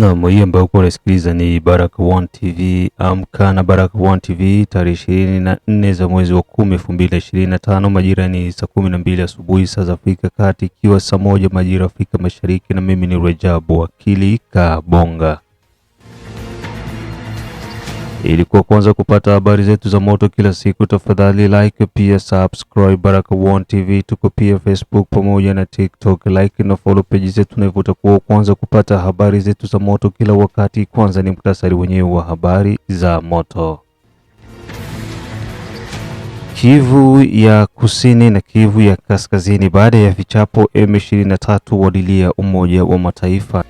Naam, hii ambayo kuwa unasikiliza ni baraka One TV. Amka na baraka One TV tarehe ishirini na nne za mwezi wa kumi elfu mbili ishirini na tano majira ni saa kumi na mbili asubuhi saa za Afrika Kati, ikiwa saa moja majira Afrika Mashariki, na mimi ni Rajabu Akili Kabonga. Ili kwa kwanza kupata habari zetu za moto kila siku, tafadhali like, pia subscribe baraka One TV. Tuko pia Facebook pamoja na TikTok. Like na follow page zetu, na hivyo utakuwa kwanza kupata habari zetu za moto kila wakati. Kwanza ni muhtasari wenyewe wa habari za moto. Kivu ya Kusini na Kivu ya Kaskazini baada ya vichapo M23 walilia Umoja wa Mataifa.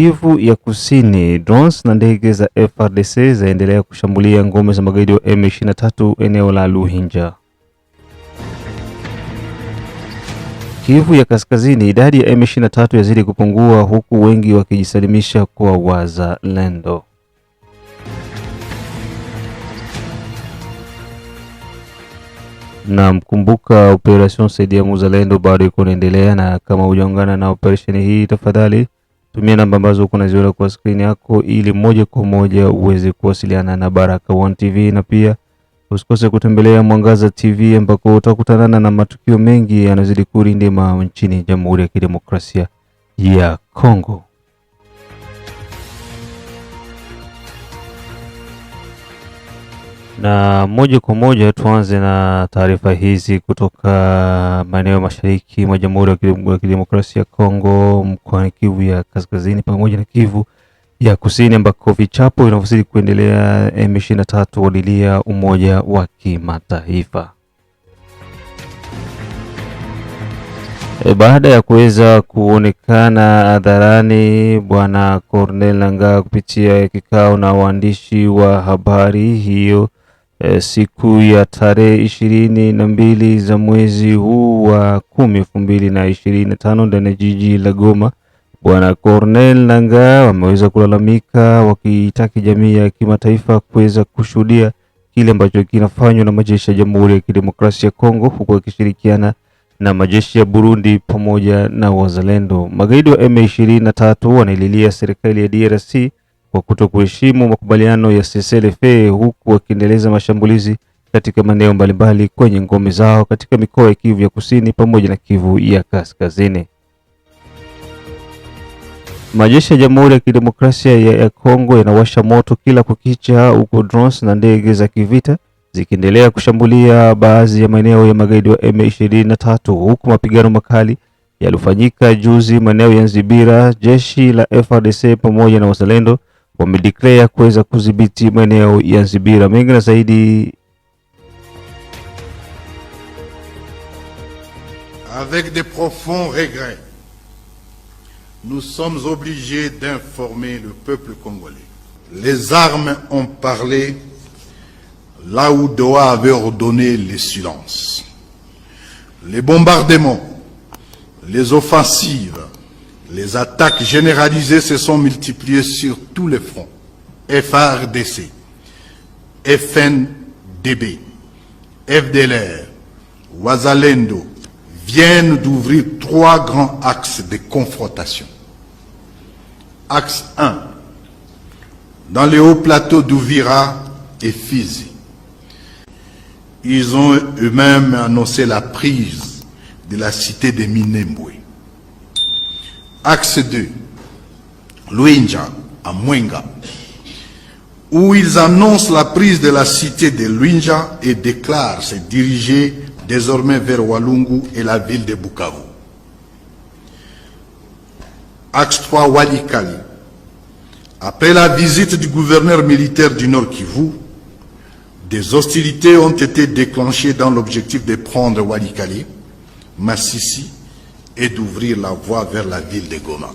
Kivu ya Kusini, drones na ndege za frdc zaendelea kushambulia ngome za magaidi wa M23 eneo la Luhinja. Kivu ya Kaskazini, idadi ya M23 yazidi kupungua huku wengi wakijisalimisha kwa wazalendo. Na mkumbuka, operation saidia muzalendo bado iko inaendelea, na kama hujaungana na operesheni hii, tafadhali Tumia namba ambazo uko naziona kwa skrini yako ili moja kwa moja uweze kuwasiliana na Baraka1 TV, na pia usikose kutembelea Mwangaza TV ambako utakutanana na matukio mengi yanazidi kurindima nchini Jamhuri ya Kidemokrasia ya Kongo. Na moja kwa moja tuanze na taarifa hizi kutoka maeneo ya mashariki mwa Jamhuri ya Kidemokrasia ya Kongo, mkoani Kivu ya kaskazini pamoja na Kivu ya kusini, ambako vichapo vinavyozidi kuendelea. M23 walilia umoja wa kimataifa E, baada ya kuweza kuonekana hadharani Bwana Corneille Nangaa kupitia kikao na waandishi wa habari hiyo E, siku ya tarehe ishirini na mbili za mwezi huu wa kumi elfu mbili na ishirini na tano ndani ya jiji la Goma. Bwana Cornel Nangaa wameweza kulalamika wakiitaki jamii ya kimataifa kuweza kushuhudia kile ambacho kinafanywa na majeshi ya Jamhuri ya Kidemokrasia ya Kongo huku wakishirikiana na majeshi ya Burundi pamoja na wazalendo. Magaidi wa M23 wanaililia serikali ya DRC kwa kutokuheshimu makubaliano ya CCLFA huku wakiendeleza mashambulizi katika maeneo mbalimbali kwenye ngome zao katika mikoa ya Kivu ya Kusini pamoja na Kivu ya Kaskazini. Majeshi ya Jamhuri ya Kidemokrasia ya Kongo yanawasha moto kila kukicha huko drones na ndege za kivita zikiendelea kushambulia baadhi ya maeneo ya magaidi wa M23 huku mapigano makali yalifanyika juzi maeneo ya Nzibira. Jeshi la frdc pamoja na wazalendo Avec de profonds regrets, nous sommes obligés d'informer le peuple congolais. Les armes ont parlé là où Doha avait ordonné le silence. Les bombardements, les offensives, les attaques généralisées se sont multipliées sur tous les fronts. FARDC, FNDB, FDLR, Ouazalendo viennent d'ouvrir trois grands axes de confrontation. Axe 1, dans les hauts plateaux d'Ouvira et Fizi. Ils ont eux-mêmes annoncé la prise de la cité de Minembwe axe 2, Luinja, à Mwenga, où ils annoncent la prise de la cité de Luinja et déclarent se diriger désormais vers Walungu et la ville de Bukavu. Axe 3, Walikali. Après la visite du gouverneur militaire du Nord Kivu, des hostilités ont été déclenchées dans l'objectif de prendre Walikali, Massissi et d'ouvrir la voie vers la ville de Goma.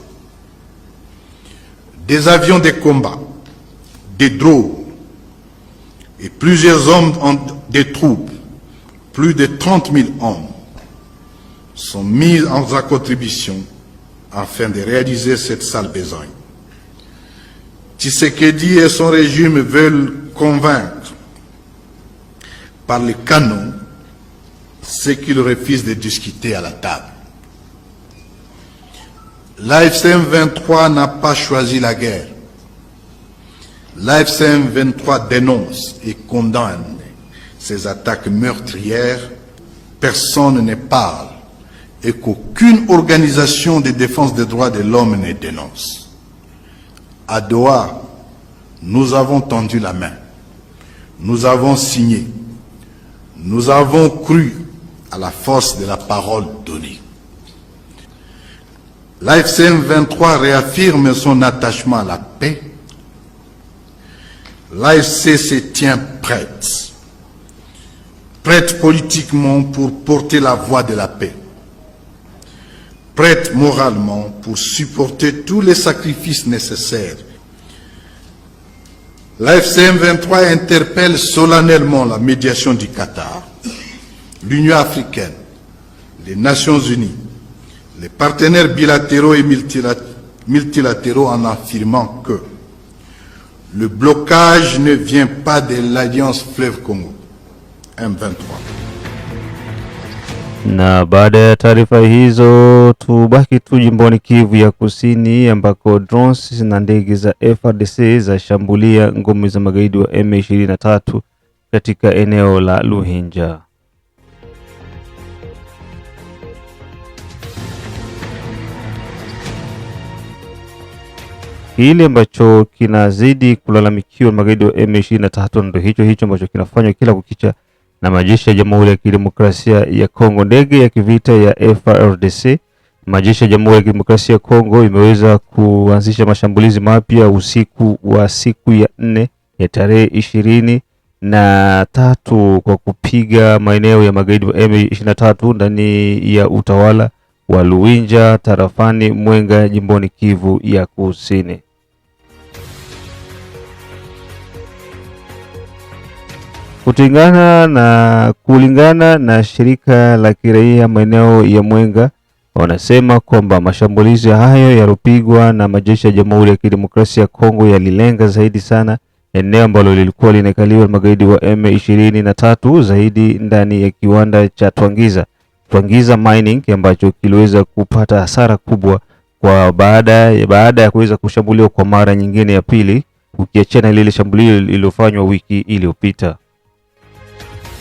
Des avions de combat, des drones et plusieurs hommes des troupes, plus de 30 000 hommes, sont mis en contribution afin de réaliser cette sale besogne. Tshisekedi et son régime veulent convaincre par les canons ceux qu'ils refusent de discuter à la table. L'AFCM 23 n'a pas choisi la guerre. L'AFCM 23 dénonce et condamne ces attaques meurtrières. Personne ne parle et qu'aucune organisation de défense des droits de l'homme ne dénonce. À Doha, nous avons tendu la main. Nous avons signé. Nous avons cru à la force de la parole donnée. L'AFCM 23 réaffirme son attachement à la paix. L'AFC se tient prête, prête politiquement pour porter la voix de la paix, prête moralement pour supporter tous les sacrifices nécessaires. L'AFCM 23 interpelle solennellement la médiation du Qatar, l'Union africaine, les Nations unies, les partenaires bilatéraux et multilatéraux en affirmant que le blocage ne vient pas de l'Alliance Fleuve Congo M23. Na baada ya taarifa hizo, tubaki tu jimboni Kivu ya Kusini ambako drones na ndege za frdc zashambulia ngome za magaidi wa M23 katika eneo la Luhinja. kile ambacho kinazidi kulalamikiwa magaidi wa M23 ndio hicho hicho ambacho kinafanywa kila kukicha na majeshi ya Jamhuri ya Kidemokrasia ya Kongo. Ndege ya kivita ya FARDC, majeshi ya Jamhuri ya Kidemokrasia ya Kongo imeweza kuanzisha mashambulizi mapya usiku wa siku ya nne ya tarehe ishirini na tatu kwa kupiga maeneo ya magaidi wa M23 ndani ya utawala wa Luinja tarafani Mwenga jimboni Kivu ya Kusini. Kulingana na, kulingana na shirika la kiraia maeneo ya Mwenga wanasema kwamba mashambulizi hayo yalopigwa na majeshi ya Jamhuri ya Kidemokrasia ya Kongo yalilenga zaidi sana eneo ambalo lilikuwa linakaliwa magaidi wa M23 zaidi ndani ya kiwanda cha Twangiza, Twangiza Mining ambacho kiliweza kupata hasara kubwa kwa baada, baada ya kuweza kushambuliwa kwa mara nyingine ya pili ukiachana lile shambulio lililofanywa wiki iliyopita.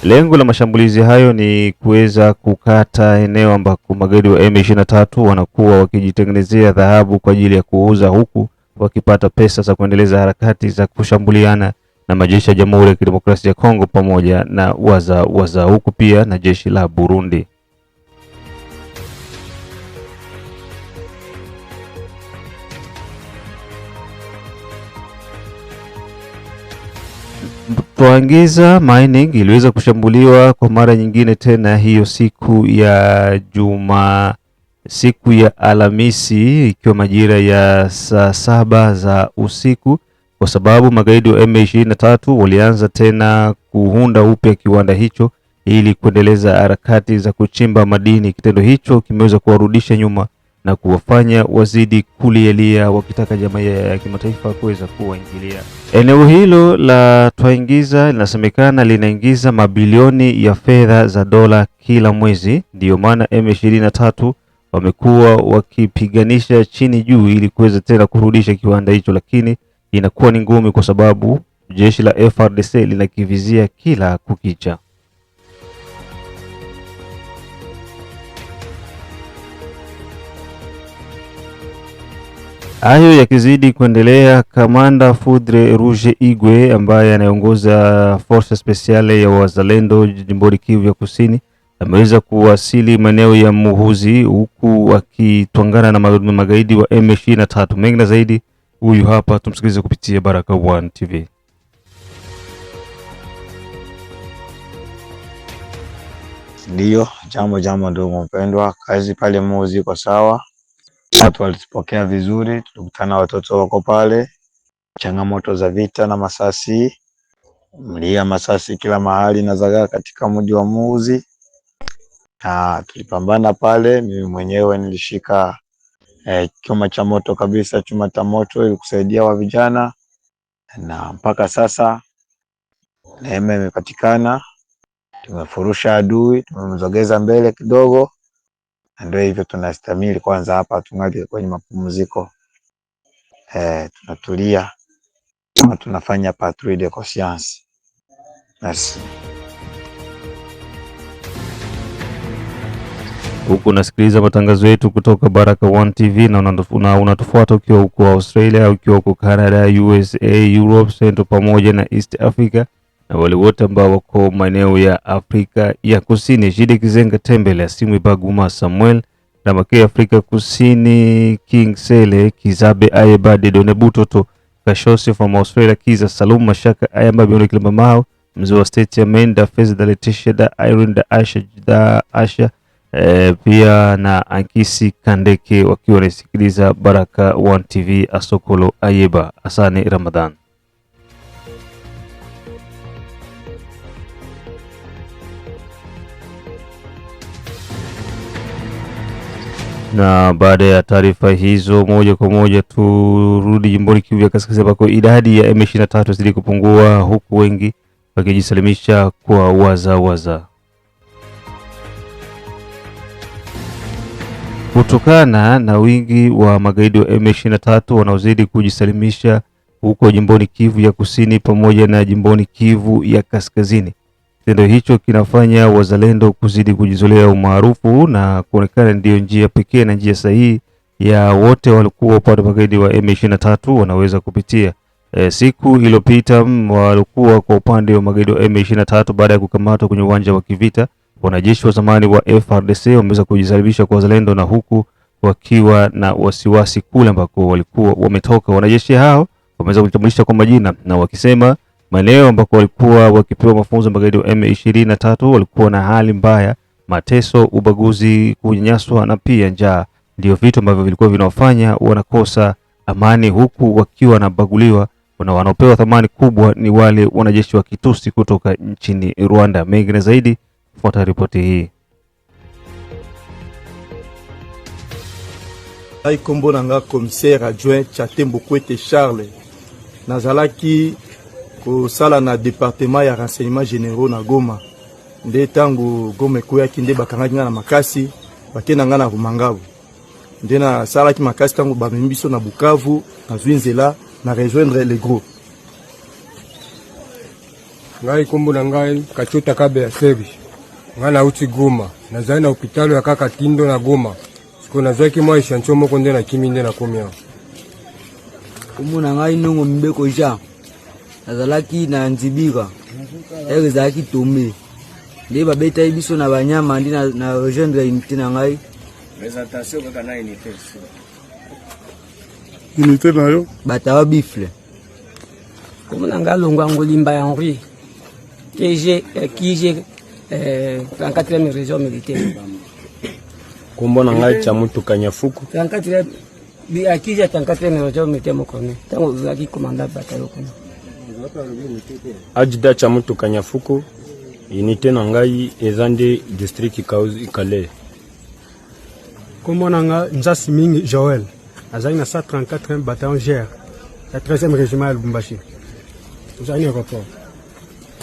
Lengo la mashambulizi hayo ni kuweza kukata eneo ambako magaidi wa M23 wanakuwa wakijitengenezea dhahabu kwa ajili ya kuuza huku wakipata pesa za kuendeleza harakati za kushambuliana na majeshi ya Jamhuri ya Kidemokrasia ya Kongo pamoja na waza waza huku pia na jeshi la Burundi. kuagiza mining iliweza kushambuliwa kwa mara nyingine tena hiyo siku ya juma siku ya Alhamisi ikiwa majira ya saa saba za usiku, kwa sababu magaidi wa M23 walianza tena kuhunda upya kiwanda hicho ili kuendeleza harakati za kuchimba madini. Kitendo hicho kimeweza kuwarudisha nyuma na kuwafanya wazidi kulielia wakitaka jamii ya kimataifa kuweza kuwaingilia. Eneo hilo la Twaingiza linasemekana linaingiza mabilioni ya fedha za dola kila mwezi, ndiyo maana M23 wamekuwa wakipiganisha chini juu ili kuweza tena kurudisha kiwanda hicho, lakini inakuwa ni ngumu kwa sababu jeshi la frdc linakivizia kila kukicha. Hayo yakizidi kuendelea, kamanda Fudre Ruje Igwe ambaye anaongoza forsa spesiale ya wazalendo jimboni Kivu ya Kusini ameweza kuwasili maeneo ya Muhuzi huku akitwangana na magaidi wa M23. Mengi na zaidi, huyu hapa, tumsikilize kupitia Baraka One TV. Ndiyo jambo jambo, ndugu mpendwa, kazi pale Muhuzi iko sawa watu walitupokea vizuri, tulikutana watoto wako pale, changamoto za vita na masasi, mlia masasi kila mahali na zagaa katika mji wa muzi na tulipambana pale. Mimi mwenyewe nilishika eh, chuma cha moto kabisa, chuma cha moto ili kusaidia wa vijana, na mpaka sasa neema imepatikana, tumefurusha adui, tumemzogeza mbele kidogo ndio hivyo tunastamili kwanza, hapa tungali kwenye mapumziko eh, tunatulia na tunafanya patrouille de conscience. Merci. Huku unasikiliza matangazo yetu kutoka Baraka One TV na unatufuata ukiwa huko Australia, ukiwa huko Canada, USA, Europe, Central pamoja na East Africa na wale wote ambao wako maeneo ya Afrika ya Kusini, Jide Kizenga Tembele, Asimwe Baguma, Samuel na Ramaki, Afrika Kusini, King Sele Kizabe, Ayebade Done Butoto, Kashosi from Australia, Kiza Salum Mashaka, Ayamba Bione Kilima Maho, mzee wa state ya Maine, da Fez, da Letitia, da Irene, da Asha, da Asha e, pia na Ankisi Kandeke wakiwa wanasikiliza Baraka One TV Asokolo Ayeba. Asane Ramadhan. Na baada ya taarifa hizo, moja kwa moja turudi jimboni Kivu ya Kaskazini ambako idadi ya M23 zidi kupungua huku wengi wakijisalimisha kwa wazawaza waza. Kutokana na wingi wa magaidi wa M23 wanaozidi kujisalimisha huko jimboni Kivu ya Kusini pamoja na jimboni Kivu ya Kaskazini, Kitendo hicho kinafanya wazalendo kuzidi kujizolea umaarufu na kuonekana ndiyo njia pekee na njia sahihi ya wote walikuwa upande magaidi wa M23 wanaweza kupitia. E, siku iliyopita walikuwa kwa upande wa magaidi wa M23 baada ya kukamatwa kwenye uwanja wa kivita. Wanajeshi wa zamani wa FRDC wameweza kujisalimisha kwa wazalendo na huku wakiwa na wasiwasi kule ambako walikuwa wametoka. Wanajeshi hao wameweza kujitambulisha kwa majina na wakisema maeneo ambako walikuwa wakipewa mafunzo magaidi wa M23 walikuwa na hali mbaya, mateso, ubaguzi, kunyanyaswa na pia njaa. Ndio vitu ambavyo vilikuwa vinawafanya wanakosa amani, huku wakiwa wanabaguliwa na wanaopewa thamani kubwa ni wale wanajeshi wa kitusi kutoka nchini Rwanda. mengi na zaidi, fuata ripoti hii. aikombo nanga commissaire adjoint Chatembo Kwete Charles nazalaki kosala na departement ya renseignement généraux na Goma nde ntango Goma ekuyaki nde bakangaki nga na makasi bakenda nga na Rumangabo nde nasalaki makasi ntango bamemi biso na Bukavu nazwi nzela na rejoindre le groupe ngai kombo na ngai Kachota Kabe ya Seri ngai nauti Goma nazali na hopitalo ya kaka Tindo na Goma siko nazwaki mwa eshantio moko nde nakimi nde nakomi awa kombo na ngai nongo Mbeko Jean nazalaki na nzibira ere ezalaki tome nde babetai biso na banyama ndi na rejoindre unité na ngai unité na yo batawa bifle komona ngai alongo yango limba henri kije eh, eh, 34e région militaire kombo na ngai tya motuka fuku akija 34e région militaire mokone ntango ozalaki komanda batayo kuna ajida cha mutu Kanyafuku unité na ngai eza nde district Kahuzi kale Kombo na nga Nzasi Mingi Joel azali na 134 bataillon GR ya 13e régiment ya Lubumbashi. Tuzali na rapport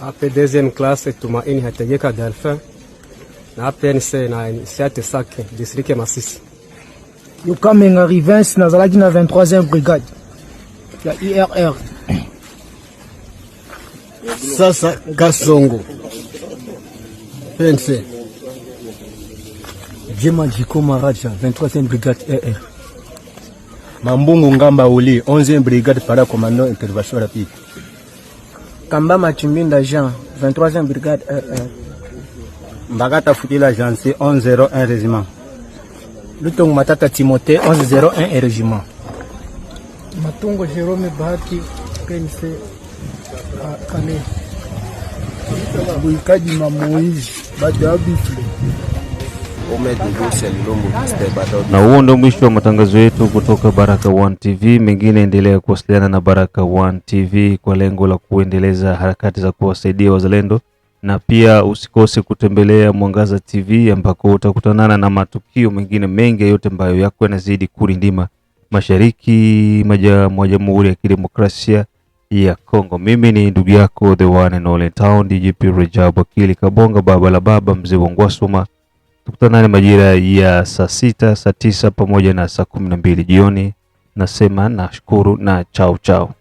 ape deuxième classe Tumaini ategeka Delphin na APNC na initiate Sake district ya Masisi. Yokamenga Rivens nazalaki na 23e brigade ya IRR sasa Kasongo pense Jema Jiko Maraja 23e brigade RR Mambungu Ngamba Uli 11e brigade para commandant intervention rapide Kamba Machimbinda Jean 23e brigade RR Mbagata Futila Jansi 1101 régiment Lutongo Matata Timothée 1101 régiment Matungo Jerome Bahati PNC Kalehe bwikadi mamoizi badabitule na huo ndio mwisho wa matangazo yetu kutoka Baraka One TV. Mengine endelea kuwasiliana na Baraka One TV kwa lengo la kuendeleza harakati za kuwasaidia wazalendo, na pia usikose kutembelea Mwangaza TV ambako utakutanana na matukio mengine mengi yote ambayo yako yanazidi kurindima mashariki mwa Jamhuri ya Kidemokrasia ya Kongo. Mimi ni ndugu yako the one and only town DGP Rajab Wakili Kabonga, baba la baba, mzee wangwasuma Ngwasuma. Tukutanane majira ya saa sita, saa tisa pamoja na saa kumi na mbili jioni. Nasema nashukuru na chao chao.